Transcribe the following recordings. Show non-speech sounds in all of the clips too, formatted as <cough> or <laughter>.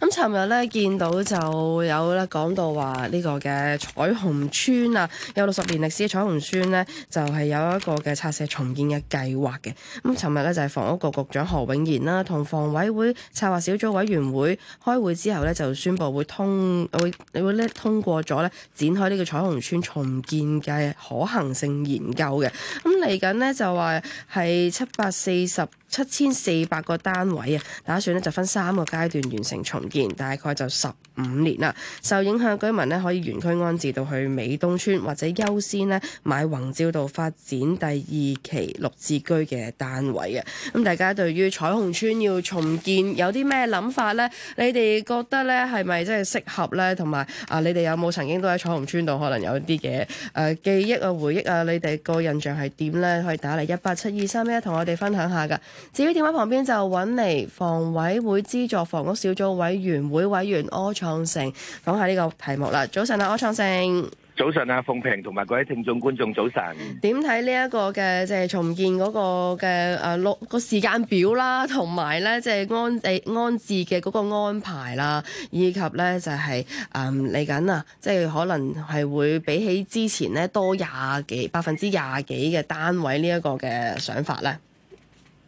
咁尋日咧見到就有咧講到話呢個嘅彩虹邨啊，有六十年歷史嘅彩虹邨咧，就係有一個嘅拆卸重建嘅計劃嘅。咁尋日咧就係房屋局局長何永賢啦，同房委會策劃小組委員會開會之後咧，就宣布會通會，你會咧通過咗咧，展開呢個彩虹邨重建嘅可行性研究嘅。咁嚟緊咧就話係七百四十。七千四百個單位啊，打算咧就分三個階段完成重建，大概就十五年啦。受影響居民咧可以原區安置到去美東邨，或者優先咧買宏照道發展第二期綠置居嘅單位嘅。咁大家對於彩虹邨要重建有啲咩諗法咧？你哋覺得咧係咪真係適合咧？同埋啊，你哋有冇曾經都喺彩虹邨度可能有啲嘅誒記憶啊，回憶啊？你哋個印象係點咧？可以打嚟一八七二三一一同我哋分享下噶。至於電話旁邊就揾嚟房委會資助房屋小組委員會委員柯創盛，講下呢個題目啦。早晨啊，柯創盛。早晨啊，鳳平同埋各位聽眾觀眾，早晨。點睇呢一個嘅即係重建嗰個嘅誒六個時間表啦，同埋咧即係安置安置嘅嗰個安排啦，以及咧就係誒嚟緊啊，即係可能係會比起之前咧多廿幾百分之廿幾嘅單位呢一個嘅想法咧？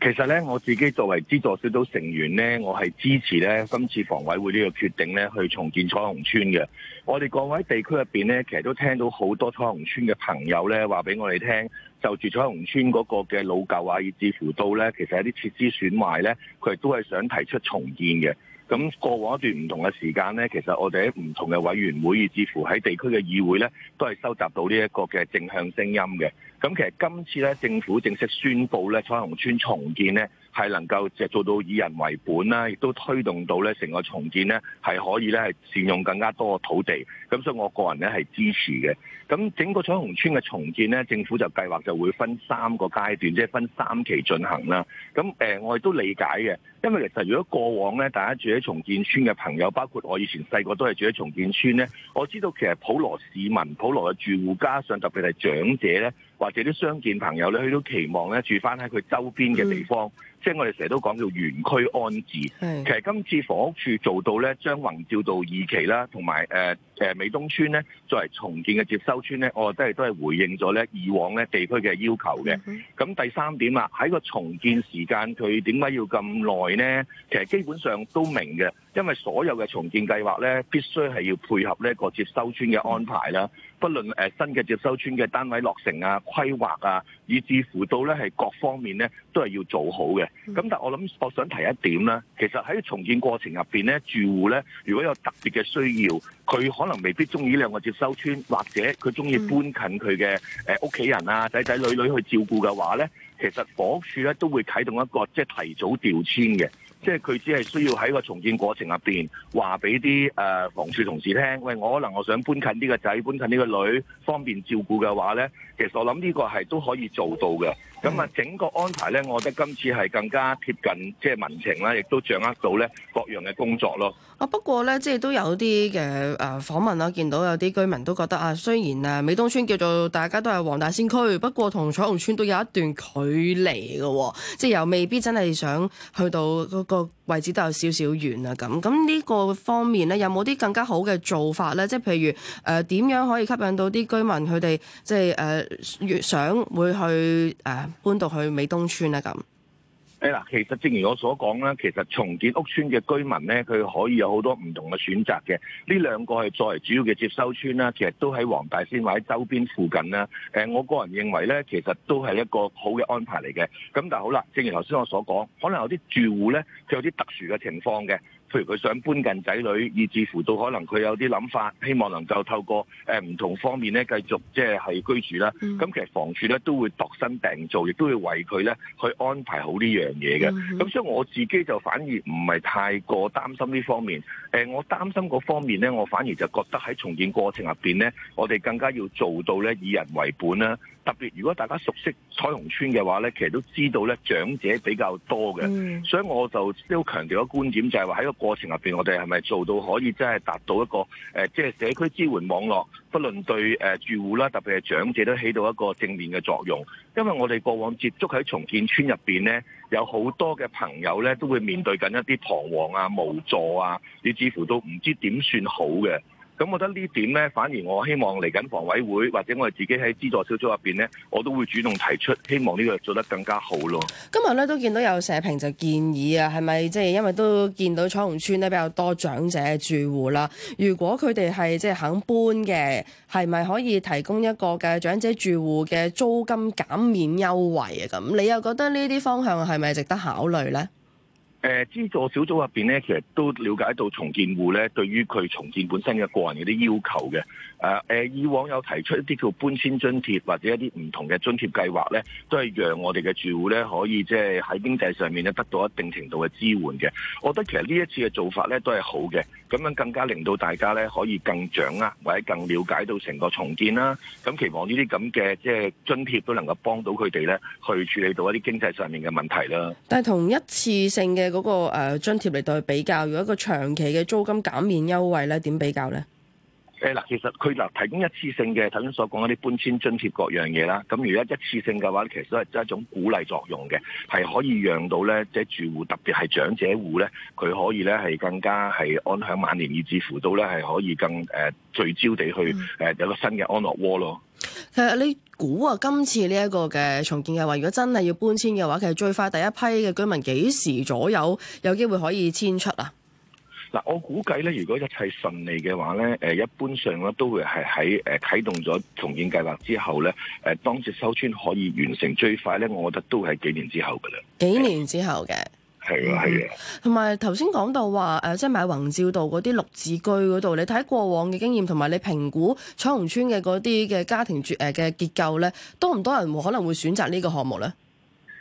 其實咧，我自己作為資助小組成員咧，我係支持咧今次房委會呢個決定咧，去重建彩虹邨嘅。我哋各位地區入邊咧，其實都聽到好多彩虹邨嘅朋友咧話俾我哋聽，就住彩虹邨嗰個嘅老舊啊，以至乎到咧，其實有啲設施損壞咧，佢哋都係想提出重建嘅。咁過往一段唔同嘅時間呢，其實我哋喺唔同嘅委員會，以至乎喺地區嘅議會呢，都係收集到呢一個嘅正向聲音嘅。咁其實今次呢，政府正式宣布呢，彩虹邨重建呢，係能夠即係做到以人為本啦，亦都推動到呢成個重建呢，係可以呢係善用更加多嘅土地。咁所以，我個人咧係支持嘅。咁整個彩虹邨嘅重建咧，政府就計劃就會分三個階段，即係分三期進行啦。咁誒、呃，我亦都理解嘅，因為其實如果過往咧，大家住喺重建村嘅朋友，包括我以前細個都係住喺重建村咧，我知道其實普羅市民、普羅嘅住戶，加上特別係長者咧，或者啲傷健朋友咧，佢都期望咧住返喺佢周邊嘅地方，即係的我哋成日都講叫原區安置。的其實今次房屋署做到咧，將宏照道二期啦，同埋誒。呃誒美東邨咧作為重建嘅接收村咧，我哋都係都係回應咗咧以往咧地區嘅要求嘅。咁第三點啦，喺個重建時間佢點解要咁耐咧？其實基本上都明嘅，因為所有嘅重建計劃咧必須係要配合呢個接收村嘅安排啦。不論誒新嘅接收村嘅單位落成啊、規劃啊，以至乎到咧係各方面咧都係要做好嘅。咁但係我諗我想提一點咧，其實喺重建過程入邊咧，住戶咧如果有特別嘅需要，佢可能未必中意呢兩個接收村，或者佢中意搬近佢嘅誒屋企人啊、仔仔女女去照顧嘅話咧，其實房屋署咧都會啟動一個即係、就是、提早調遷嘅。即係佢只係需要喺個重建過程入邊，話俾啲誒房署同事聽，喂，我可能我想搬近啲個仔，搬近啲個女，方便照顧嘅話呢，其實我諗呢個係都可以做到嘅。咁啊，整個安排咧，我覺得今次係更加貼近即係民情啦，亦都掌握到咧各樣嘅工作咯。啊，不過咧，即係都有啲嘅誒訪問啦，見到有啲居民都覺得啊，雖然啊美東邨叫做大家都係黃大仙區，不過同彩虹邨都有一段距離嘅，哦，即係又未必真係想去到嗰個位置都有少少遠啊。咁咁呢個方面咧，有冇啲更加好嘅做法咧？即係譬如誒呃、點樣可以吸引到啲居民佢哋即係誒越想會去誒？呃呃搬到去美東邨啦咁。誒嗱，其實正如我所講啦，其實重建屋邨嘅居民咧，佢可以有好多唔同嘅選擇嘅。呢兩個係作為主要嘅接收邨啦，其實都喺黃大仙或者周邊附近啦。誒，我個人認為咧，其實都係一個好嘅安排嚟嘅。咁但係好啦，正如頭先我所講，可能有啲住戶咧，佢有啲特殊嘅情況嘅。譬如佢想搬近仔女，以至乎到可能佢有啲諗法，希望能夠透過誒、呃、唔同方面咧，繼續即係係居住啦。咁、mm hmm. 其實房署咧都會度身訂造，亦都會為佢咧去安排好呢樣嘢嘅。咁、mm hmm. 所以我自己就反而唔係太過擔心呢方面。誒、呃，我擔心嗰方面咧，我反而就覺得喺重建過程入邊咧，我哋更加要做到咧以人為本啦。特別如果大家熟悉彩虹邨嘅話咧，其實都知道咧長者比較多嘅，mm hmm. 所以我就都強調一個觀點，就係話喺個。過程入邊，我哋係咪做到可以真係達到一個誒、呃，即係社區支援網絡，不論對誒、呃、住戶啦，特別係長者都起到一個正面嘅作用？因為我哋過往接觸喺重建村入邊呢，有好多嘅朋友呢，都會面對緊一啲彷徨啊、無助啊，你似乎都唔知點算好嘅。咁我覺得呢點呢，反而我希望嚟緊房委會或者我哋自己喺資助小組入邊呢，我都會主動提出，希望呢個做得更加好咯。今日咧都見到有社評就建議啊，係咪即係因為都見到彩虹邨呢，比較多長者住戶啦，如果佢哋係即係肯搬嘅，係咪可以提供一個嘅長者住戶嘅租金減免優惠啊？咁你又覺得呢啲方向係咪值得考慮呢？.誒，資助小組入邊咧，其實都了解到重建戶咧，對於佢重建本身嘅個人嗰啲要求嘅。誒誒、啊，以往有提出一啲叫搬遷津貼或者一啲唔同嘅津貼計劃，咧，都係讓我哋嘅住戶咧可以即係喺經濟上面咧得到一定程度嘅支援嘅。我覺得其實呢一次嘅做法咧都係好嘅，咁樣更加令到大家咧可以更掌握或者更了解到成個重建啦。咁、嗯、期望呢啲咁嘅即係津貼都能夠幫到佢哋咧，去處理到一啲經濟上面嘅問題啦。但係同一次性嘅嗰個誒津貼嚟到去比較，如果一個長期嘅租金減免優，優惠咧，點比較咧？誒嗱，其實佢嗱提供一次性嘅頭先所講嗰啲搬遷津貼各樣嘢啦，咁如果一次性嘅話，其實都係一種鼓勵作用嘅，係可以讓到咧，即係住戶特別係長者戶咧，佢可以咧係更加係安享晚年，以至乎到咧係可以更誒、呃、聚焦地去誒有個新嘅安樂窩咯。其實你估啊，今次呢一個嘅重建嘅話，如果真係要搬遷嘅話，其實最快第一批嘅居民幾時左右有機會可以遷出啊？嗱，我估計咧，如果一切順利嘅話咧，誒一般上咧都會係喺誒啟動咗重建計劃之後咧，誒當時收村可以完成最快咧，我覺得都係幾年之後嘅啦。幾年之後嘅，係 <laughs> 啊，係嘅、啊。同埋頭先講到話，誒、呃、即係買宏照道嗰啲綠置居嗰度，你睇過往嘅經驗，同埋你評估彩虹邨嘅嗰啲嘅家庭住誒嘅結構咧，多唔多人可能會選擇呢個項目咧？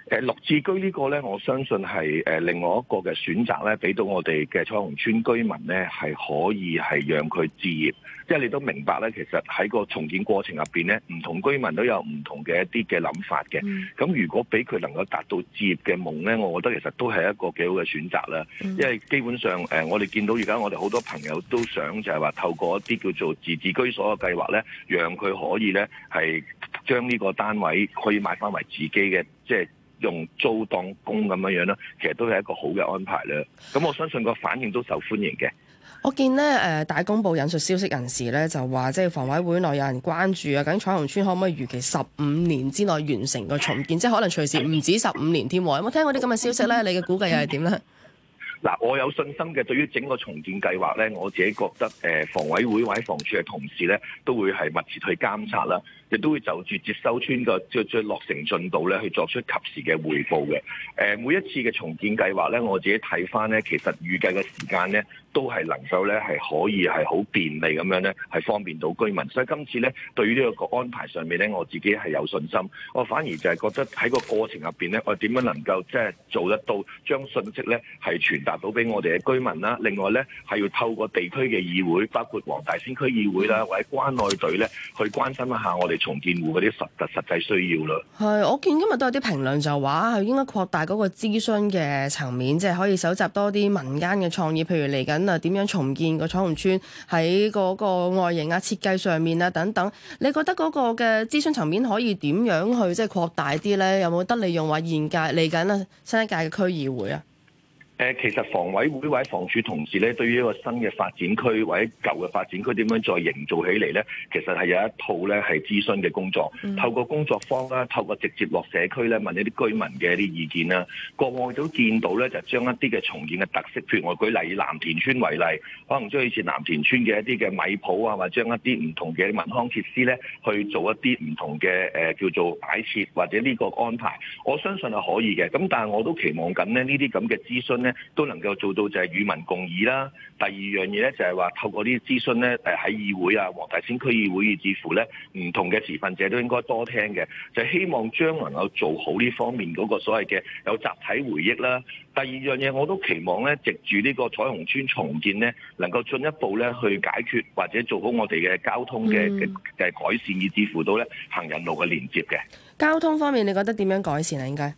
誒綠置居個呢個咧，我相信係誒另外一個嘅選擇咧，俾到我哋嘅彩虹邨居民咧，係可以係讓佢置業，因為你都明白咧，其實喺個重建過程入邊咧，唔同居民都有唔同嘅一啲嘅諗法嘅。咁如果俾佢能夠達到置業嘅夢咧，我覺得其實都係一個幾好嘅選擇啦。因為基本上誒、呃，我哋見到而家我哋好多朋友都想就係話透過一啲叫做自置居所嘅計劃咧，讓佢可以咧係將呢將個單位可以買返為自己嘅，即係。用租當工咁樣樣咧，其實都係一個好嘅安排咧。咁我相信個反應都受歡迎嘅。我見呢誒、呃、大公報引述消息人士呢，就話即係房委會內有人關注啊，究竟彩虹邨可唔可以預期十五年之內完成個重建， <laughs> 即係可能隨時唔止十五年添喎。有冇聽過啲咁嘅消息呢？你嘅估計又係點呢？嗱、呃，我有信心嘅，對於整個重建計劃呢，我自己覺得誒、呃、房委會或者房署嘅同事呢，都會係密切去監察啦。亦都會就住接收邨個最落成進度咧，去作出及時嘅回報嘅。誒，每一次嘅重建計劃咧，我自己睇返咧，其實預計嘅時間咧，都係能夠咧係可以係好便利咁樣咧，係方便到居民。所以今次咧，對於呢一個安排上面咧，我自己係有信心。我反而就係覺得喺個過程入邊咧，我點樣能夠即係做得到將信息咧係傳達到俾我哋嘅居民啦、啊。另外咧，係要透過地區嘅議會，包括黃大仙區議會啦，或者關愛隊咧，去關心一下我哋，重建戶嗰啲實實實際需要咯，係我見今日都有啲評論就話，係應該擴大嗰個諮詢嘅層面，即係可以搜集多啲民間嘅創意，譬如嚟緊啊點樣重建個彩虹邨喺嗰個外形啊設計上面啊等等。你覺得嗰個嘅諮詢層面可以點樣去即係擴大啲呢？有冇得利用話現屆嚟緊啊新一屆嘅區議會啊？誒，其實房委會或者房署同事咧，對於一個新嘅發展區或者舊嘅發展區點樣再營造起嚟咧，其實係有一套咧係諮詢嘅工作，嗯、透過工作坊啦，透過直接落社區咧問一啲居民嘅一啲意見啦。國外都見到咧，就將一啲嘅重建嘅特色，如我舉例以藍田村為例，可能將以前藍田村嘅一啲嘅米鋪啊，或者將一啲唔同嘅民康設施咧，去做一啲唔同嘅誒叫做擺設或者呢個安排，我相信係可以嘅。咁但係我都期望緊咧，呢啲咁嘅諮詢。都能夠做到就係與民共議啦。第二樣嘢咧就係話透過呢啲諮詢咧，誒喺議會啊、黃大仙區議會以，以至乎咧唔同嘅持份者都應該多聽嘅。就希望將能夠做好呢方面嗰個所謂嘅有集體回憶啦。第二樣嘢我都期望咧，藉住呢個彩虹邨重建咧，能夠進一步咧去解決或者做好我哋嘅交通嘅嘅改善，以至乎到咧行人路嘅連接嘅、嗯、交通方面，你覺得點樣改善啊？應該？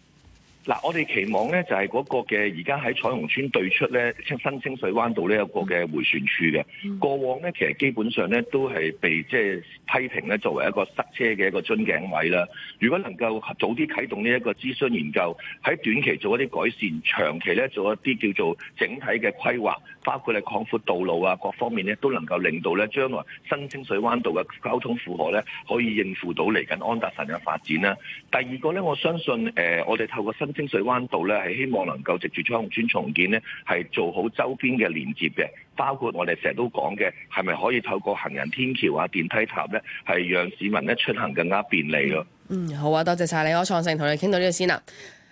嗱，我哋期望咧就係、是、嗰個嘅而家喺彩虹邨對出咧，新清水灣道呢一個嘅回旋處嘅，嗯、過往咧其實基本上咧都係被即係、就是、批評咧作為一個塞車嘅一個樽頸位啦。如果能夠早啲啟動呢一個諮詢研究，喺短期做一啲改善，長期咧做一啲叫做整體嘅規劃，包括係擴闊道路啊各方面咧，都能夠令到咧將來新清水灣道嘅交通負荷咧可以應付到嚟緊安達臣嘅發展啦。第二個咧，我相信誒、呃、我哋透過新。新清水灣道咧，係希望能夠藉住彩虹邨重建咧，係做好周邊嘅連接嘅，包括我哋成日都講嘅，係咪可以透過行人天橋啊、電梯塔咧，係讓市民咧出行更加便利咯。嗯，好啊，多謝晒你，柯創盛同你傾到呢度先啦。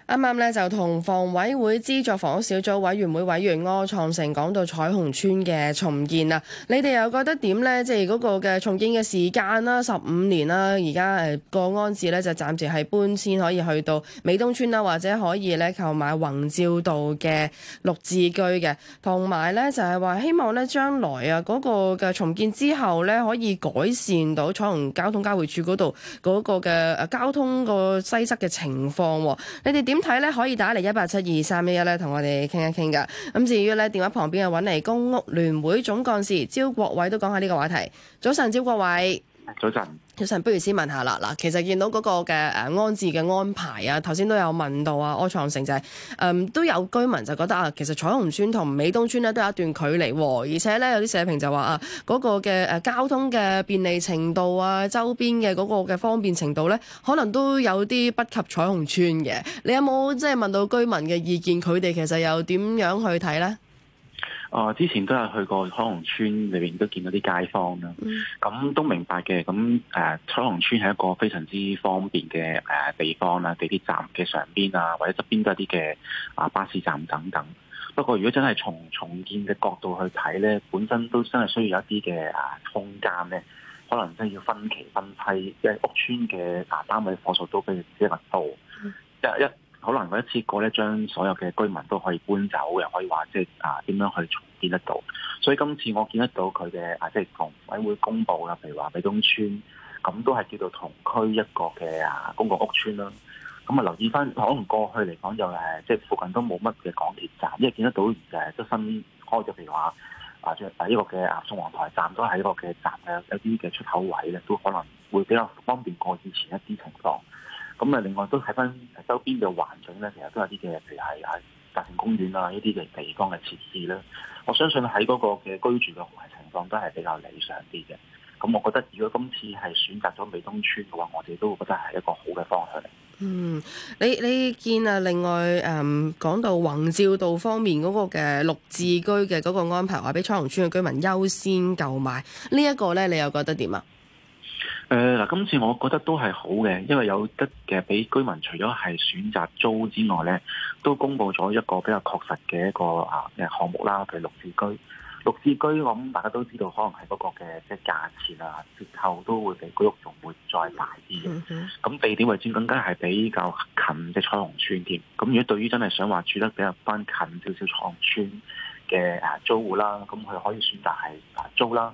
啱啱咧就同房委會資助房屋小組委員會委員柯創盛講到彩虹邨嘅重建啊，你哋又覺得點咧？即係嗰個嘅重建嘅時間啦，十五年啦，而家誒個安置咧就暫時係搬遷，可以去到美東邨啦，或者可以咧購買宏照道嘅綠置居嘅，同埋咧就係話希望咧將來啊個嘅重建之後咧可以改善到彩虹交通交匯處度嗰個嘅誒交通個擠塞嘅情況，你哋點？點睇咧？可以打嚟一八七二三一一咧，同我哋傾一傾噶。咁至於咧，電話旁邊嘅搵嚟公屋聯會總幹事招國偉都講下呢個話題。早晨，招國偉。早晨。不如先問下啦嗱，其實見到嗰個嘅誒安置嘅安排啊，頭先都有問到啊。柯創盛就係、是、誒、嗯、都有居民就覺得啊，其實彩虹邨同美東邨咧都有一段距離，而且咧有啲社評就話啊，嗰、那個嘅誒、啊、交通嘅便利程度啊，周邊嘅嗰個嘅方便程度咧，可能都有啲不及彩虹邨嘅。你有冇即係問到居民嘅意見？佢哋其實又點樣去睇咧？啊！之前都係去過彩虹邨裏邊都見到啲街坊啦，咁、mm. 嗯、都明白嘅。咁誒彩虹邨係一個非常之方便嘅誒地方啦，地鐵站嘅上邊啊，或者側邊都有一啲嘅啊巴士站等等。不過如果真係從重建嘅角度去睇咧，本身都真係需要有一啲嘅啊空間咧，可能真係要分期分批，因為屋邨嘅啊單位伙數都非常之密度，一一。 <music> 可能佢一次過咧，將所有嘅居民都可以搬走，又可以話即係啊，點樣去重建得到？所以今次我見得到佢嘅啊，即、就、係、是、房委會公布啦，譬如話美東邨咁，都係叫做同區一個嘅啊公共屋，屋邨啦。咁啊，留意翻可能過去嚟講就誒、是，即係附近都冇乜嘅港鐵站，因為見得到誒都新開咗，譬如話啊，即、這、係、個、啊呢個嘅啊宋皇台站都喺一個嘅站嘅一啲嘅出口位咧，都可能會比較方便過以前一啲情況。咁啊，另外都睇返周邊嘅環境咧，其實都有啲嘅，譬如係係大型公園啊，呢啲嘅地方嘅設施啦。我相信喺嗰個嘅居住嘅情況都係比較理想啲嘅。咁我覺得，如果今次係選擇咗美東邨嘅話，我哋都會覺得係一個好嘅方向嚟、嗯。嗯，你你見啊，另外誒講到宏照道方面嗰個嘅綠置居嘅嗰個安排，話俾彩虹邨嘅居民優先購買、這個、呢一個咧，你又覺得點啊？誒，嗱、呃，今次我覺得都係好嘅，因為有得嘅俾居民除咗係選擇租之外咧，都公布咗一個比較確實嘅一個啊嘅項目啦，譬如綠置居。綠置居，我、嗯、諗大家都知道，可能係嗰個嘅即係價錢啊、折扣都會比居屋仲會再大啲咁、嗯嗯、地點位置更加係比較近嘅彩虹邨添。咁如果對於真係想話住得比較翻近少少彩虹邨嘅啊租戶啦，咁佢可以選擇係租啦。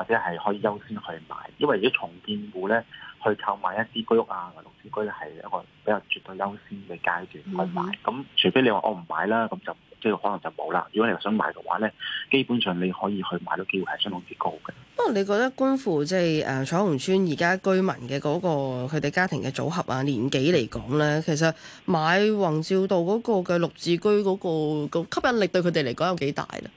或者係可以優先去買，因為如果重建戶咧，去購買一啲居屋啊、綠置居咧，係一個比較絕對優先嘅階段去買。咁、嗯、哼除非你話我唔買啦，咁就即係可能就冇啦。如果你話想買嘅話咧，基本上你可以去買到機會係相當之高嘅。不過你覺得觀乎即係誒彩虹邨而家居民嘅嗰、那個佢哋家庭嘅組合啊、年紀嚟講咧，其實買宏照道嗰個嘅綠置居嗰、那個那個吸引力對佢哋嚟講有幾大咧？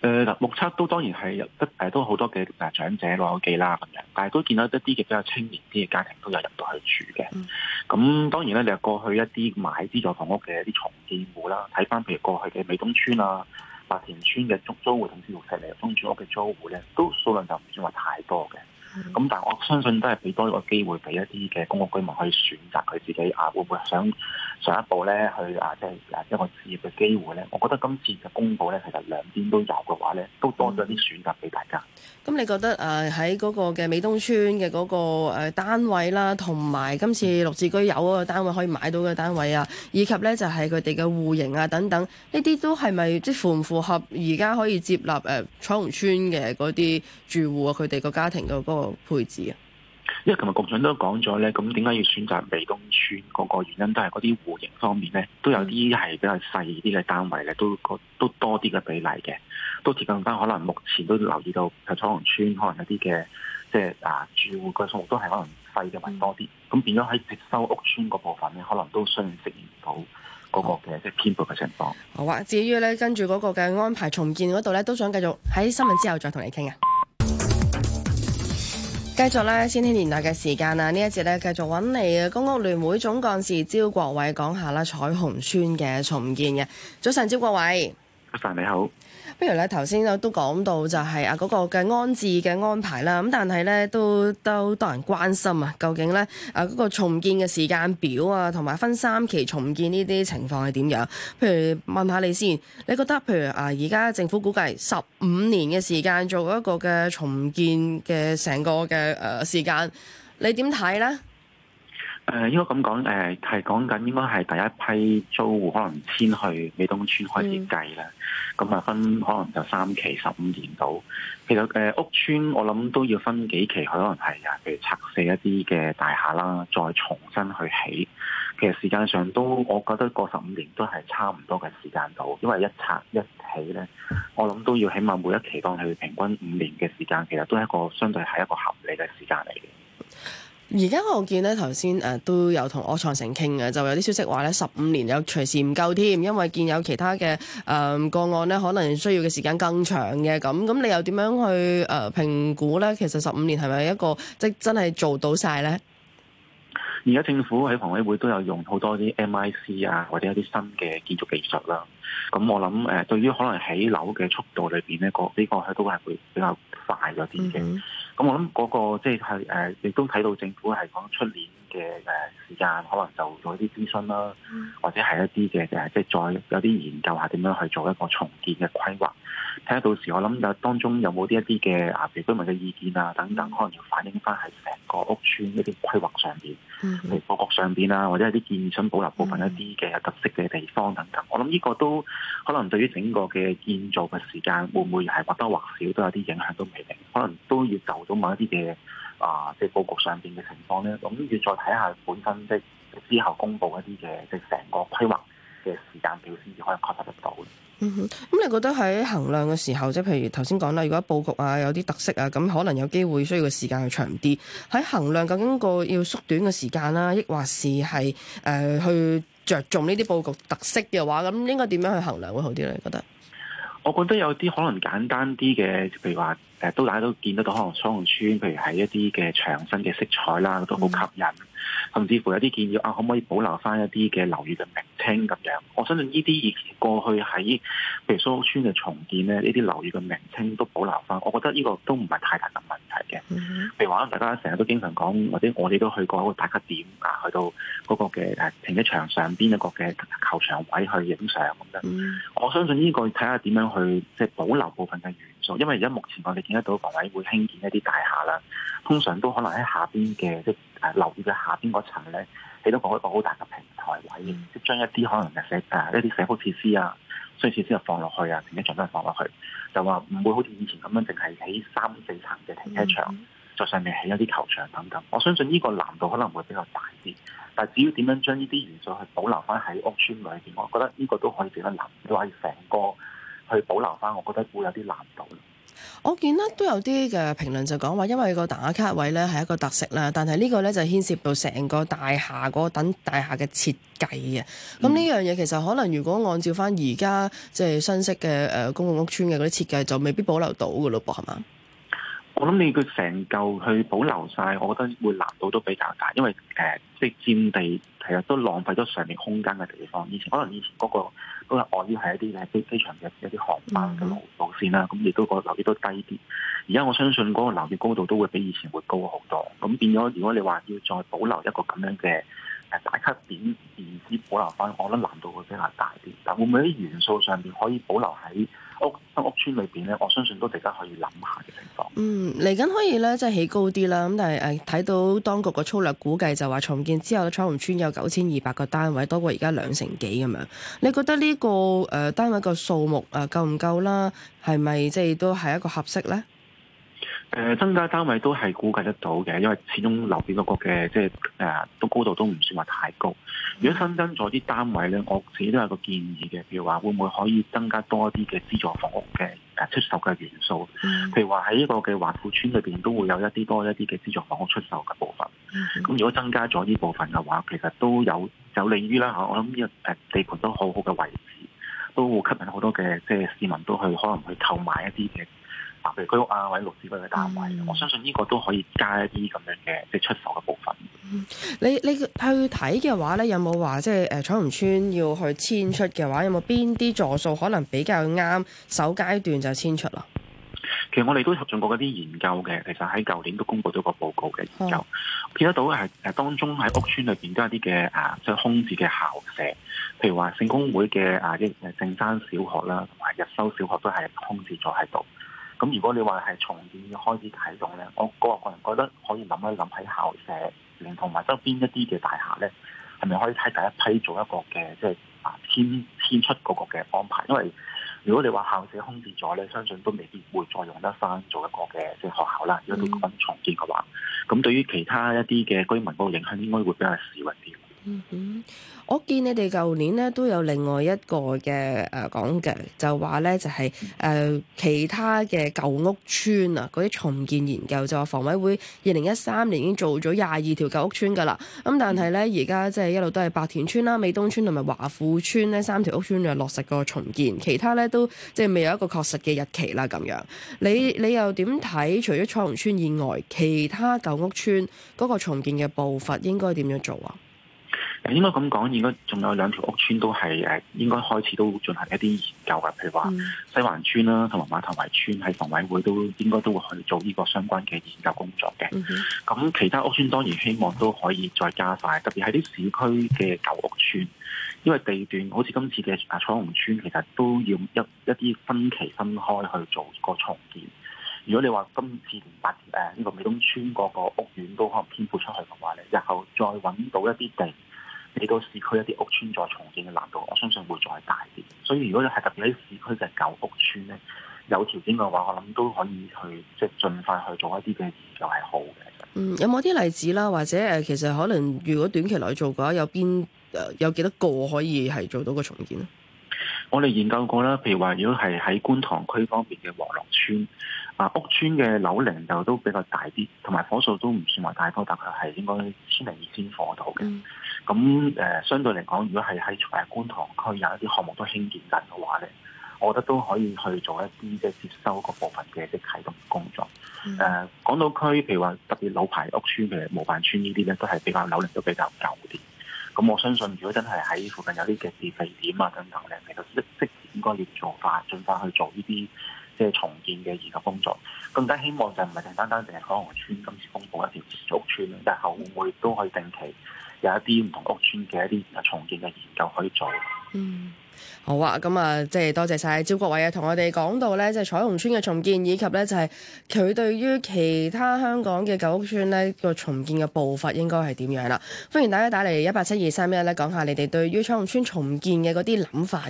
誒，嗱、嗯，目測都當然係不，誒，都好多嘅誒長者落屋住啦咁樣，但係都見到一啲嘅比較青年啲嘅家庭都有入到去住嘅。咁當然咧，你話過去一啲買資助房屋嘅一啲重建戶啦，睇翻譬如過去嘅美東邨啊、白田邨嘅租租戶同啲六石嚟東住屋嘅租戶咧，都數量就唔算話太多嘅。咁、嗯、但係我相信都係俾多一個機會俾一啲嘅公屋居民去選擇佢自己啊，會唔會想上一步咧去啊，即係一個置業嘅機會咧？我覺得今次嘅公布咧，其實兩邊都有嘅話咧，都多咗啲選擇俾大家。咁、嗯、你覺得啊，喺嗰個嘅美東邨嘅嗰個誒單位啦，同埋今次綠置居有嗰個單位可以買到嘅單位啊，以及咧就係佢哋嘅戶型啊等等，呢啲都係咪即係符唔符合而家可以接納誒彩虹邨嘅嗰啲住戶啊，佢哋個家庭嘅個？配置啊，因為琴日局長都講咗咧，咁點解要選擇美東村？嗰個原因都係嗰啲戶型方面咧，都有啲係比較細啲嘅單位咧，都都多啲嘅比例嘅，都接近翻可能目前都留意到就彩虹村可能一啲嘅即係啊住戶嘅數目都係可能細嘅或多啲，咁變咗喺接收屋村個部分咧，可能都相適應適應到嗰個嘅即係偏薄嘅情況。好啊、哦，至於咧跟住嗰個嘅安排重建嗰度咧，都想繼續喺新聞之後再同你傾啊。繼續啦，千禧年代嘅時間啊，呢一節咧繼續揾嚟嘅公屋聯會總幹事招國偉講下啦，彩虹邨嘅重建嘅。早晨，招國偉。大家好。不如咧，頭先都講到就係啊，嗰個嘅安置嘅安排啦。咁但係咧，都都多人關心啊。究竟咧啊，嗰個重建嘅時間表啊，同埋分三期重建呢啲情況係點樣？譬如問下你先，你覺得譬如啊，而家政府估計十五年嘅時間做一個嘅重建嘅成個嘅誒時間，你點睇咧？誒應該咁講，誒係講緊應該係第一批租戶可能先去美東邨開始計啦，咁啊、嗯、分可能就三期十五年到。其實誒、呃、屋邨我諗都要分幾期，佢可能係啊，譬如拆卸一啲嘅大廈啦，再重新去起。其實時間上都，我覺得過十五年都係差唔多嘅時間到，因為一拆一起咧，我諗都要起碼每一期當佢平均五年嘅時間，其實都係一個相對係一個合理嘅時間嚟嘅。而家我見咧頭先誒都有同柯創盛傾嘅，就有啲消息話咧十五年有隨時唔夠添，因為見有其他嘅誒、呃、個案咧，可能需要嘅時間更長嘅咁。咁你又點樣去誒、呃、評估咧？其實十五年係咪一個即真係做到晒咧？而家政府喺房委會都有用好多啲 MIC 啊，或者一啲新嘅建築技術啦。咁我諗誒、呃，對於可能起樓嘅速度裏邊咧，這個呢個佢都係會比較快咗啲嘅。咁、嗯、哼我諗嗰、那個即係誒，亦、呃、都睇到政府係講出年嘅誒時間，可能就做啲諮詢啦，或者係一啲嘅誒，即係再有啲研究下點樣去做一個重建嘅規劃。睇下到時我諗嘅當中有冇啲一啲嘅啊，譬如居民嘅意見啊等等，可能要反映翻喺成個屋邨一啲規劃上邊，譬如佈局上邊啦、啊，或者係啲建議保留部分一啲嘅特色嘅地方等等。我諗呢個都。可能對於整個嘅建造嘅時間，會唔會係或多或少都有啲影響都未定？可能都要就到某一啲嘅啊，即係佈局上邊嘅情況咧，咁跟住再睇下本身即之後公布一啲嘅即係成個規劃嘅時間表，先至可以確實得到。咁、嗯、你覺得喺衡量嘅時候，即係譬如頭先講啦，如果佈局啊有啲特色啊，咁可能有機會需要嘅時間去長啲。喺衡量究竟個要縮短嘅時間啦、啊，抑或是係誒、呃、去？着重呢啲佈局特色嘅話，咁應該點樣去衡量會好啲咧？你覺得？我覺得有啲可能簡單啲嘅，譬如話。誒都大家都見得到，可能蘇屋村譬如係一啲嘅牆身嘅色彩啦，都好吸引。Mm hmm. 甚至乎有啲建議啊，可唔可以保留翻一啲嘅樓宇嘅名稱咁樣？我相信呢啲以前過去喺譬如蘇屋村嘅重建咧，呢啲樓宇嘅名稱都保留翻。我覺得呢個都唔係太大問題嘅。譬、mm hmm. 如話，大家成日都經常講，或者我哋都去過一個打卡點啊，去到嗰個嘅誒、啊、停車場上邊一個嘅球場位去影相咁樣。Mm hmm. 我相信呢、這個睇下點樣去即係保留部分嘅因為而家目前我哋見得到房委會興建一啲大廈啦，通常都可能喺下邊嘅即係樓宇嘅下邊嗰層咧，起到一個一個好大嘅平台位，即係將一啲可能嘅社誒一啲社會設施啊、商業設施啊放落去啊、停車場都係放落去，就話唔會好似以前咁樣，淨係喺三四層嘅停車場，再、mm hmm. 上面起一啲球場等等。我相信呢個難度可能會比較大啲，但係只要點樣將呢啲元素去保留翻喺屋村裏邊，我覺得呢個都可以比較難，要話要成個。去保留翻，我覺得會有啲難度。我見得都有啲嘅評論就講話，因為個打卡位咧係一個特色啦，但係呢個咧就牽涉到成個大廈嗰等大廈嘅設計啊。咁呢樣嘢其實可能如果按照翻而家即係新式嘅誒公共屋邨嘅嗰啲設計，就未必保留到噶咯噃，係嘛？我諗你佢成嚿去保留晒，我覺得會難度都比較大，因為誒，即、呃、係、就是、佔地其實都浪費咗上面空間嘅地方。以前可能以前嗰、那個嗰、那個外邊係一啲誒飛機場嘅一啲航班嘅路路線啦，咁亦都、那個樓亦都低啲。而家我相信嗰個樓嘅高度都會比以前會高好多。咁變咗，如果你話要再保留一個咁樣嘅誒打卡點甚至保留翻，我覺得難度會比較大啲。但會唔會啲元素上邊可以保留喺？屋屋村裏邊咧，我相信都大家可以諗下嘅情況。嗯，嚟緊可以咧，即係起高啲啦。咁但係誒，睇到當局個粗略估計就話重建之後彩虹邨有九千二百個單位，多過而家兩成幾咁樣。你覺得呢個誒單位個數目啊夠唔夠啦？係咪即係都係一個合適咧？誒增加單位都係估計得到嘅，因為始終樓盤嗰個嘅即係誒都高度都唔算話太高。如果新增咗啲單位咧，我自己都有個建議嘅，譬如話會唔會可以增加多一啲嘅資助房屋嘅誒、呃、出售嘅元素？譬如話喺呢個嘅華富邨裏邊都會有一啲多一啲嘅資助房屋出售嘅部分。咁、嗯、如果增加咗呢部分嘅話，其實都有有利於咧嚇。我諗呢誒地盤都好好嘅位置，都會吸引好多嘅即係市民都去可能去購買一啲嘅。譬如居屋啊，或者綠置居嘅單位，嗯、我相信呢個都可以加一啲咁樣嘅，即、就、係、是、出售嘅部分。你、你去睇嘅話咧，有冇話即係誒彩虹邨要去遷出嘅話，有冇邊啲座數可能比較啱首階段就遷出啦？其實我哋都進行過一啲研究嘅，其實喺舊年都公布咗個報告嘅研究，見、嗯、得到係誒當中喺屋村裏邊都有一啲嘅啊，即、就、係、是、空置嘅校舍，譬如話聖公會嘅啊啲聖山小學啦，同埋日修小學都係空置咗喺度。咁如果你話係重建要開始啟動咧，我個人覺得可以諗一諗喺校舍，連同埋周邊一啲嘅大廈咧，係咪可以喺第一批做一個嘅即係啊，遷遷出嗰個嘅安排？因為如果你話校舍空置咗咧，相信都未必會再用得返做一個嘅即係學校啦。如果都咁重建嘅話，咁對於其他一啲嘅居民嗰個影響應該會比較少一啲。嗯哼。我見你哋舊年咧都有另外一個嘅誒講嘅，就話咧就係誒其他嘅舊屋村啊，嗰啲重建研究就話，房委會二零一三年已經做咗廿二條舊屋村噶啦，咁但係咧而家即係一路都係白田村啦、美東村同埋華富村呢三條屋村就落實個重建，其他咧都即係未有一個確實嘅日期啦咁樣。你你又點睇？除咗彩虹村以外，其他舊屋村嗰個重建嘅步伐應該點樣做啊？應該咁講，應該仲有兩條屋村都係誒，應該開始都進行一啲研究嘅，譬如話西環村啦、啊，同埋馬頭圍村喺房委會都應該都會去做呢個相關嘅研究工作嘅。咁、mm hmm. 其他屋村當然希望都可以再加快，特別係啲市區嘅舊屋村，因為地段好似今次嘅彩虹村，其實都要一一啲分期分開去做個重建。如果你話今次年八誒呢個美東邨嗰個屋苑都可能編配出去嘅話咧，日後再揾到一啲地。喺到市區一啲屋邨再重建嘅難度，我相信會再大啲。所以，如果你係特別喺市區嘅舊屋邨咧，有條件嘅話，我諗都可以去，即係盡快去做一啲嘅研究係好嘅。嗯，有冇啲例子啦？或者誒，其實可能如果短期內做嘅話，有邊有幾多個可以係做到個重建咧？我哋研究過啦，譬如話，如果係喺觀塘區方面嘅黃落邨啊，屋邨嘅樓齡就都比較大啲，同埋火數都唔算話太多，大概係應該千零二千火度嘅。嗯。咁誒，相對嚟講，如果係喺誒觀塘區有一啲項目都興建緊嘅話咧，我覺得都可以去做一啲即係接收嗰部分嘅即係啟動工作。誒、嗯，港島區譬如話特別老牌屋邨嘅模範邨呢啲咧，都係比較樓齡，都比較舊啲。咁我相信如果真係喺附近有啲嘅自勢點啊等等咧，其實即即應該要做翻進化去做呢啲即係重建嘅研究工作。更加希望就唔係單單淨係可能村今次公布一條自組村，但後會我都可以定期。有一啲唔同屋邨嘅一啲重建嘅研究可以做。嗯，好啊，咁啊，即係多謝晒招國偉啊，同我哋講到咧，即係彩虹邨嘅重建，以及咧就係佢對於其他香港嘅舊屋邨咧個重建嘅步伐應該係點樣啦。歡迎大家打嚟一八七二三一咧，講下你哋對於彩虹邨重建嘅嗰啲諗法。